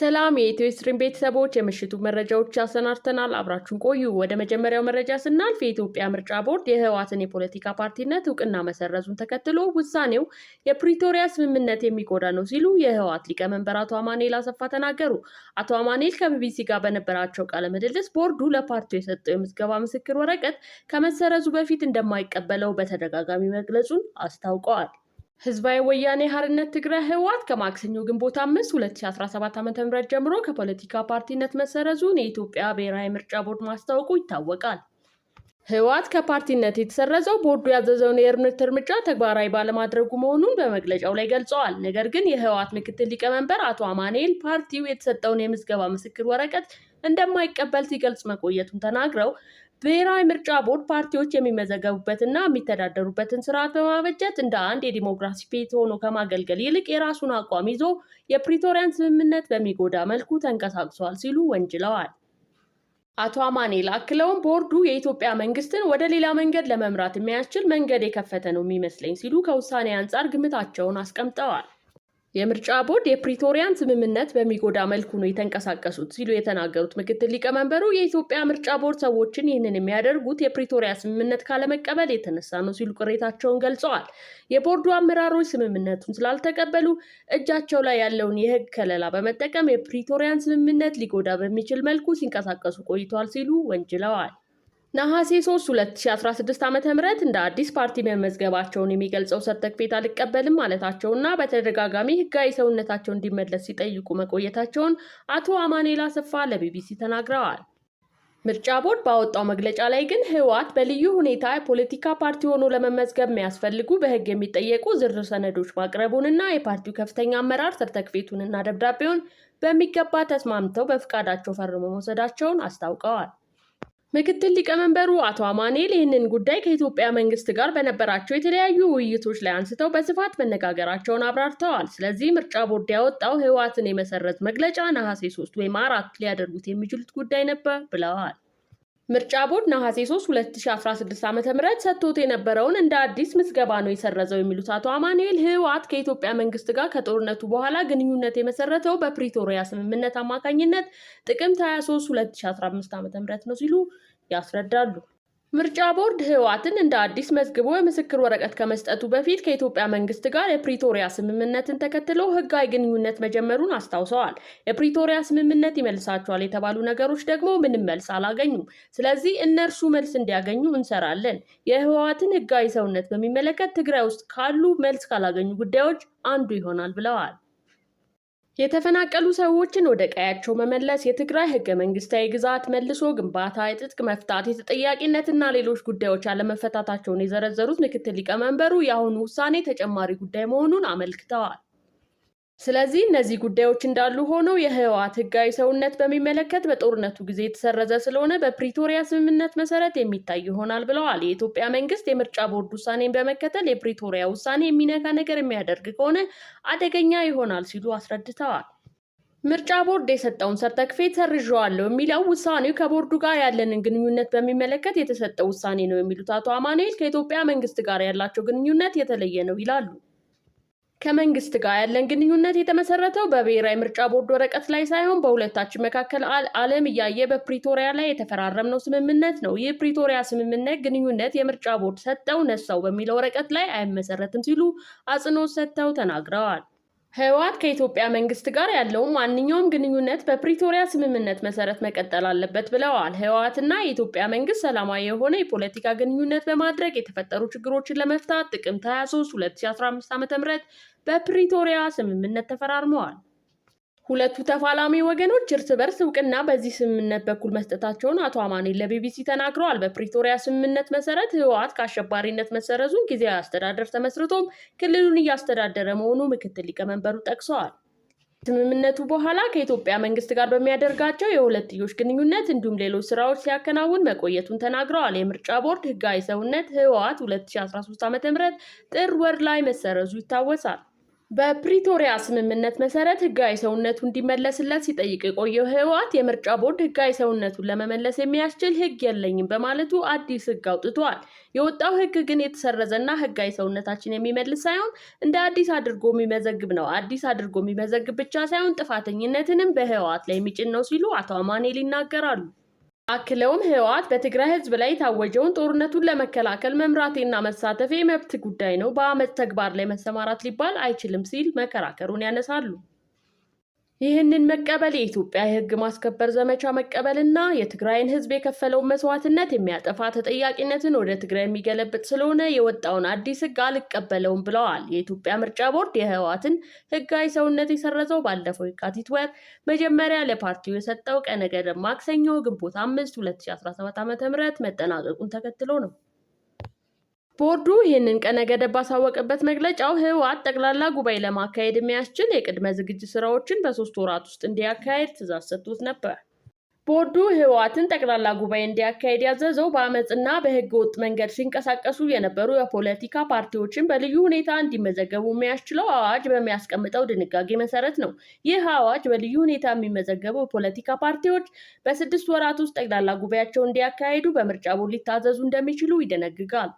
ሰላም የኢትዮ ስትሪም ቤተሰቦች፣ የምሽቱ መረጃዎች አሰናድተናል። አብራችሁን ቆዩ። ወደ መጀመሪያው መረጃ ስናልፍ የኢትዮጵያ ምርጫ ቦርድ የህወሓትን የፖለቲካ ፓርቲነት እውቅና መሰረዙን ተከትሎ ውሳኔው የፕሪቶሪያ ስምምነት የሚጎዳ ነው ሲሉ የህወሓት ሊቀመንበር አቶ አማኔል አሰፋ ተናገሩ። አቶ አማኔል ከቢቢሲ ጋር በነበራቸው ቃለ ምልልስ ቦርዱ ለፓርቲው የሰጠው የምዝገባ ምስክር ወረቀት ከመሰረዙ በፊት እንደማይቀበለው በተደጋጋሚ መግለጹን አስታውቀዋል። ህዝባዊ ወያኔ ሓርነት ትግራይ ህወሓት ከማክሰኞ ግንቦት 5 2017 ዓ.ም ጀምሮ ከፖለቲካ ፓርቲነት መሰረዙን የኢትዮጵያ ብሔራዊ ምርጫ ቦርድ ማስታወቁ ይታወቃል። ህወሓት ከፓርቲነት የተሰረዘው ቦርዱ ያዘዘውን የእርምት እርምጃ ተግባራዊ ባለማድረጉ መሆኑን በመግለጫው ላይ ገልጸዋል። ነገር ግን የህወሓት ምክትል ሊቀመንበር አቶ አማኑኤል ፓርቲው የተሰጠውን የምዝገባ ምስክር ወረቀት እንደማይቀበል ሲገልጽ መቆየቱን ተናግረው ብሔራዊ ምርጫ ቦርድ ፓርቲዎች የሚመዘገቡበትና የሚተዳደሩበትን ስርዓት በማበጀት እንደ አንድ የዲሞክራሲ ቤት ሆኖ ከማገልገል ይልቅ የራሱን አቋም ይዞ የፕሪቶሪያን ስምምነት በሚጎዳ መልኩ ተንቀሳቅሷል ሲሉ ወንጅለዋል። አቶ አማኔል አክለውም ቦርዱ የኢትዮጵያ መንግስትን ወደ ሌላ መንገድ ለመምራት የሚያስችል መንገድ የከፈተ ነው የሚመስለኝ ሲሉ ከውሳኔ አንጻር ግምታቸውን አስቀምጠዋል። የምርጫ ቦርድ የፕሪቶሪያን ስምምነት በሚጎዳ መልኩ ነው የተንቀሳቀሱት ሲሉ የተናገሩት ምክትል ሊቀመንበሩ የኢትዮጵያ ምርጫ ቦርድ ሰዎችን ይህንን የሚያደርጉት የፕሪቶሪያ ስምምነት ካለመቀበል የተነሳ ነው ሲሉ ቅሬታቸውን ገልጸዋል። የቦርዱ አመራሮች ስምምነቱን ስላልተቀበሉ እጃቸው ላይ ያለውን የሕግ ከለላ በመጠቀም የፕሪቶሪያን ስምምነት ሊጎዳ በሚችል መልኩ ሲንቀሳቀሱ ቆይተዋል ሲሉ ወንጅለዋል። ነሐሴ 3 2016 ዓ ም እንደ አዲስ ፓርቲ መመዝገባቸውን የሚገልጸው ሰርተክፌት አልቀበልም ማለታቸውና በተደጋጋሚ ህጋዊ ሰውነታቸው እንዲመለስ ሲጠይቁ መቆየታቸውን አቶ አማኔላ አሰፋ ለቢቢሲ ተናግረዋል። ምርጫ ቦርድ ባወጣው መግለጫ ላይ ግን ህወሓት በልዩ ሁኔታ የፖለቲካ ፓርቲ ሆኖ ለመመዝገብ የሚያስፈልጉ በህግ የሚጠየቁ ዝርዝር ሰነዶች ማቅረቡንና የፓርቲው ከፍተኛ አመራር ሰርተክፌቱንና ደብዳቤውን በሚገባ ተስማምተው በፍቃዳቸው ፈርሞ መውሰዳቸውን አስታውቀዋል። ምክትል ሊቀመንበሩ አቶ አማኔል ይህንን ጉዳይ ከኢትዮጵያ መንግስት ጋር በነበራቸው የተለያዩ ውይይቶች ላይ አንስተው በስፋት መነጋገራቸውን አብራርተዋል። ስለዚህ ምርጫ ቦርድ ያወጣው ህወሓትን የመሰረዝ መግለጫ ነሐሴ ሶስት ወይም አራት ሊያደርጉት የሚችሉት ጉዳይ ነበር ብለዋል። ምርጫ ቦርድ ነሐሴ 3 2016 ዓ.ም ሰጥቶት የነበረውን እንደ አዲስ ምዝገባ ነው የሰረዘው የሚሉት አቶ አማኑኤል ህወሓት ከኢትዮጵያ መንግስት ጋር ከጦርነቱ በኋላ ግንኙነት የመሰረተው በፕሪቶሪያ ስምምነት አማካኝነት ጥቅምት 23 2015 ዓ.ም ነው ሲሉ ያስረዳሉ። ምርጫ ቦርድ ህወሓትን እንደ አዲስ መዝግቦ የምስክር ወረቀት ከመስጠቱ በፊት ከኢትዮጵያ መንግስት ጋር የፕሪቶሪያ ስምምነትን ተከትሎ ህጋዊ ግንኙነት መጀመሩን አስታውሰዋል። የፕሪቶሪያ ስምምነት ይመልሳቸዋል የተባሉ ነገሮች ደግሞ ምንም መልስ አላገኙም። ስለዚህ እነርሱ መልስ እንዲያገኙ እንሰራለን። የህወሓትን ህጋዊ ሰውነት በሚመለከት ትግራይ ውስጥ ካሉ መልስ ካላገኙ ጉዳዮች አንዱ ይሆናል ብለዋል። የተፈናቀሉ ሰዎችን ወደ ቀያቸው መመለስ፣ የትግራይ ህገ መንግስታዊ ግዛት መልሶ ግንባታ፣ የትጥቅ መፍታት፣ የተጠያቂነትና ሌሎች ጉዳዮች አለመፈታታቸውን የዘረዘሩት ምክትል ሊቀመንበሩ የአሁኑ ውሳኔ ተጨማሪ ጉዳይ መሆኑን አመልክተዋል። ስለዚህ እነዚህ ጉዳዮች እንዳሉ ሆነው የህወሓት ህጋዊ ሰውነት በሚመለከት በጦርነቱ ጊዜ የተሰረዘ ስለሆነ በፕሪቶሪያ ስምምነት መሰረት የሚታይ ይሆናል ብለዋል። የኢትዮጵያ መንግስት የምርጫ ቦርድ ውሳኔን በመከተል የፕሪቶሪያ ውሳኔ የሚነካ ነገር የሚያደርግ ከሆነ አደገኛ ይሆናል ሲሉ አስረድተዋል። ምርጫ ቦርድ የሰጠውን ሰርተክፌት ሰርዣዋለሁ የሚለው ውሳኔው ከቦርዱ ጋር ያለንን ግንኙነት በሚመለከት የተሰጠው ውሳኔ ነው የሚሉት አቶ አማኑኤል ከኢትዮጵያ መንግስት ጋር ያላቸው ግንኙነት የተለየ ነው ይላሉ። ከመንግስት ጋር ያለን ግንኙነት የተመሰረተው በብሔራዊ ምርጫ ቦርድ ወረቀት ላይ ሳይሆን በሁለታችን መካከል ዓለም እያየ በፕሪቶሪያ ላይ የተፈራረምነው ስምምነት ነው። ይህ ፕሪቶሪያ ስምምነት ግንኙነት የምርጫ ቦርድ ሰጠው ነሳው በሚለው ወረቀት ላይ አይመሰረትም ሲሉ አጽንኦት ሰጥተው ተናግረዋል። ህወሓት ከኢትዮጵያ መንግስት ጋር ያለው ማንኛውም ግንኙነት በፕሪቶሪያ ስምምነት መሰረት መቀጠል አለበት ብለዋል። ህወሓትና የኢትዮጵያ መንግስት ሰላማዊ የሆነ የፖለቲካ ግንኙነት በማድረግ የተፈጠሩ ችግሮችን ለመፍታት ጥቅምት 23 2015 ም በፕሪቶሪያ ስምምነት ተፈራርመዋል። ሁለቱ ተፋላሚ ወገኖች እርስ በርስ እውቅና በዚህ ስምምነት በኩል መስጠታቸውን አቶ አማኔ ለቢቢሲ ተናግረዋል። በፕሪቶሪያ ስምምነት መሰረት ህወሓት ከአሸባሪነት መሰረዙን ጊዜያዊ አስተዳደር ተመስርቶም ክልሉን እያስተዳደረ መሆኑ ምክትል ሊቀመንበሩ ጠቅሰዋል። ስምምነቱ በኋላ ከኢትዮጵያ መንግስት ጋር በሚያደርጋቸው የሁለትዮሽ ግንኙነት እንዲሁም ሌሎች ስራዎች ሲያከናውን መቆየቱን ተናግረዋል። የምርጫ ቦርድ ህጋዊ ሰውነት ህወሓት 2013 ዓ.ም ጥር ወር ላይ መሰረዙ ይታወሳል። በፕሪቶሪያ ስምምነት መሰረት ህጋዊ ሰውነቱ እንዲመለስለት ሲጠይቅ የቆየው ህወሓት የምርጫ ቦርድ ህጋዊ ሰውነቱን ለመመለስ የሚያስችል ህግ የለኝም በማለቱ አዲስ ህግ አውጥቷል። የወጣው ህግ ግን የተሰረዘና ህጋዊ ሰውነታችን የሚመልስ ሳይሆን እንደ አዲስ አድርጎ የሚመዘግብ ነው። አዲስ አድርጎ የሚመዘግብ ብቻ ሳይሆን ጥፋተኝነትንም በህወሓት ላይ የሚጭን ነው ሲሉ አቶ አማኔል ይናገራሉ። አክለውም ህወሓት በትግራይ ህዝብ ላይ የታወጀውን ጦርነቱን ለመከላከል መምራቴና መሳተፌ የመብት ጉዳይ ነው፣ በአመፅ ተግባር ላይ መሰማራት ሊባል አይችልም ሲል መከራከሩን ያነሳሉ። ይህንን መቀበል የኢትዮጵያ የህግ ማስከበር ዘመቻ መቀበልና የትግራይን ህዝብ የከፈለውን መስዋዕትነት የሚያጠፋ ተጠያቂነትን ወደ ትግራይ የሚገለብጥ ስለሆነ የወጣውን አዲስ ህግ አልቀበለውም ብለዋል። የኢትዮጵያ ምርጫ ቦርድ የህወሓትን ህጋዊ ሰውነት የሰረዘው ባለፈው የካቲት ወር መጀመሪያ ለፓርቲው የሰጠው ቀነ ገደብ ማክሰኞ ግንቦት አምስት 2017 ዓ ም መጠናቀቁን ተከትሎ ነው። ቦርዱ ይህንን ቀነ ገደብ ባሳወቀበት መግለጫው ህወሓት ጠቅላላ ጉባኤ ለማካሄድ የሚያስችል የቅድመ ዝግጅት ስራዎችን በሶስት ወራት ውስጥ እንዲያካሄድ ትእዛዝ ሰጥቶት ነበር። ቦርዱ ህወሓትን ጠቅላላ ጉባኤ እንዲያካሄድ ያዘዘው በአመፅና በህገ ወጥ መንገድ ሲንቀሳቀሱ የነበሩ የፖለቲካ ፓርቲዎችን በልዩ ሁኔታ እንዲመዘገቡ የሚያስችለው አዋጅ በሚያስቀምጠው ድንጋጌ መሰረት ነው። ይህ አዋጅ በልዩ ሁኔታ የሚመዘገቡ የፖለቲካ ፓርቲዎች በስድስት ወራት ውስጥ ጠቅላላ ጉባኤያቸው እንዲያካሄዱ በምርጫ ቦርድ ሊታዘዙ እንደሚችሉ ይደነግጋል።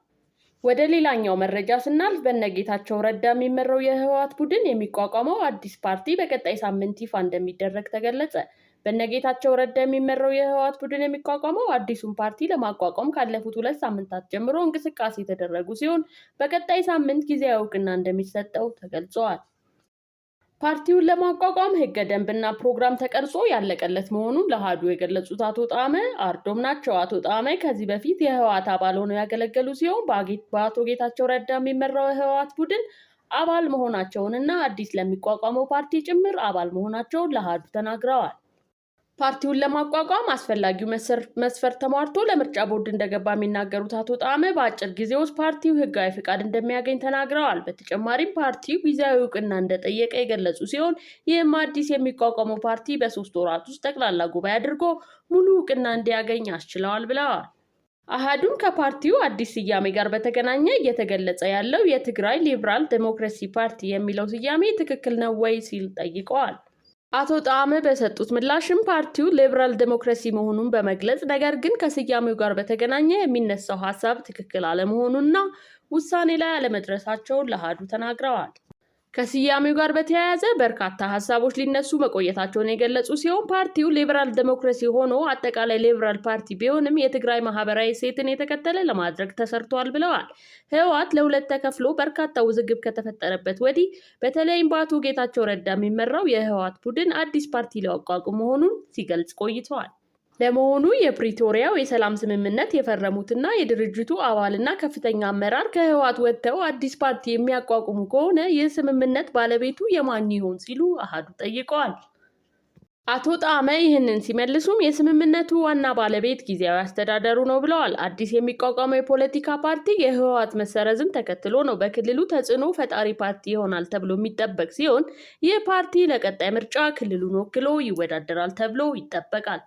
ወደ ሌላኛው መረጃ ስናልፍ በነጌታቸው ረዳ የሚመራው የህወሓት ቡድን የሚቋቋመው አዲስ ፓርቲ በቀጣይ ሳምንት ይፋ እንደሚደረግ ተገለጸ። በነጌታቸው ረዳ የሚመራው የህወሓት ቡድን የሚቋቋመው አዲሱን ፓርቲ ለማቋቋም ካለፉት ሁለት ሳምንታት ጀምሮ እንቅስቃሴ የተደረጉ ሲሆን በቀጣይ ሳምንት ጊዜያዊ እውቅና እንደሚሰጠው ተገልጸዋል። ፓርቲውን ለማቋቋም ህገ ደንብና ፕሮግራም ተቀርጾ ያለቀለት መሆኑን ለሃዱ የገለጹት አቶ ጣመ አርዶም ናቸው። አቶ ጣመ ከዚህ በፊት የህወሓት አባል ሆነው ያገለገሉ ሲሆን በአቶ ጌታቸው ረዳ የሚመራው የህወሓት ቡድን አባል መሆናቸውንና አዲስ ለሚቋቋመው ፓርቲ ጭምር አባል መሆናቸውን ለሃዱ ተናግረዋል። ፓርቲውን ለማቋቋም አስፈላጊው መስፈር ተሟልቶ ለምርጫ ቦርድ እንደገባ የሚናገሩት አቶ ጣዕመ በአጭር ጊዜ ውስጥ ፓርቲው ህጋዊ ፍቃድ እንደሚያገኝ ተናግረዋል። በተጨማሪም ፓርቲው ጊዜያዊ እውቅና እንደጠየቀ የገለጹ ሲሆን ይህም አዲስ የሚቋቋመው ፓርቲ በሶስት ወራት ውስጥ ጠቅላላ ጉባኤ አድርጎ ሙሉ እውቅና እንዲያገኝ አስችለዋል ብለዋል። አህዱን ከፓርቲው አዲስ ስያሜ ጋር በተገናኘ እየተገለጸ ያለው የትግራይ ሊብራል ዴሞክራሲ ፓርቲ የሚለው ስያሜ ትክክል ነው ወይ ሲል ጠይቀዋል። አቶ ጣዕመ በሰጡት ምላሽም ፓርቲው ሊበራል ዴሞክራሲ መሆኑን በመግለጽ ነገር ግን ከስያሜው ጋር በተገናኘ የሚነሳው ሀሳብ ትክክል አለመሆኑና ውሳኔ ላይ አለመድረሳቸውን ለአሃዱ ተናግረዋል። ከስያሜው ጋር በተያያዘ በርካታ ሀሳቦች ሊነሱ መቆየታቸውን የገለጹ ሲሆን ፓርቲው ሊበራል ዴሞክራሲ ሆኖ አጠቃላይ ሊበራል ፓርቲ ቢሆንም የትግራይ ማህበራዊ ሴትን የተከተለ ለማድረግ ተሰርቷል ብለዋል። ህወሓት ለሁለት ተከፍሎ በርካታ ውዝግብ ከተፈጠረበት ወዲህ በተለይም በአቶ ጌታቸው ረዳ የሚመራው የህወሓት ቡድን አዲስ ፓርቲ ሊያቋቁም መሆኑን ሲገልጽ ቆይተዋል። ለመሆኑ የፕሪቶሪያው የሰላም ስምምነት የፈረሙትና የድርጅቱ አባልና ከፍተኛ አመራር ከህወሓት ወጥተው አዲስ ፓርቲ የሚያቋቁሙ ከሆነ ይህ ስምምነት ባለቤቱ የማን ይሆን ሲሉ አሃዱ ጠይቀዋል። አቶ ጣመ ይህንን ሲመልሱም የስምምነቱ ዋና ባለቤት ጊዜያዊ አስተዳደሩ ነው ብለዋል። አዲስ የሚቋቋመው የፖለቲካ ፓርቲ የህወሓት መሰረዝን ተከትሎ ነው በክልሉ ተጽዕኖ ፈጣሪ ፓርቲ ይሆናል ተብሎ የሚጠበቅ ሲሆን ይህ ፓርቲ ለቀጣይ ምርጫ ክልሉን ወክሎ ይወዳደራል ተብሎ ይጠበቃል።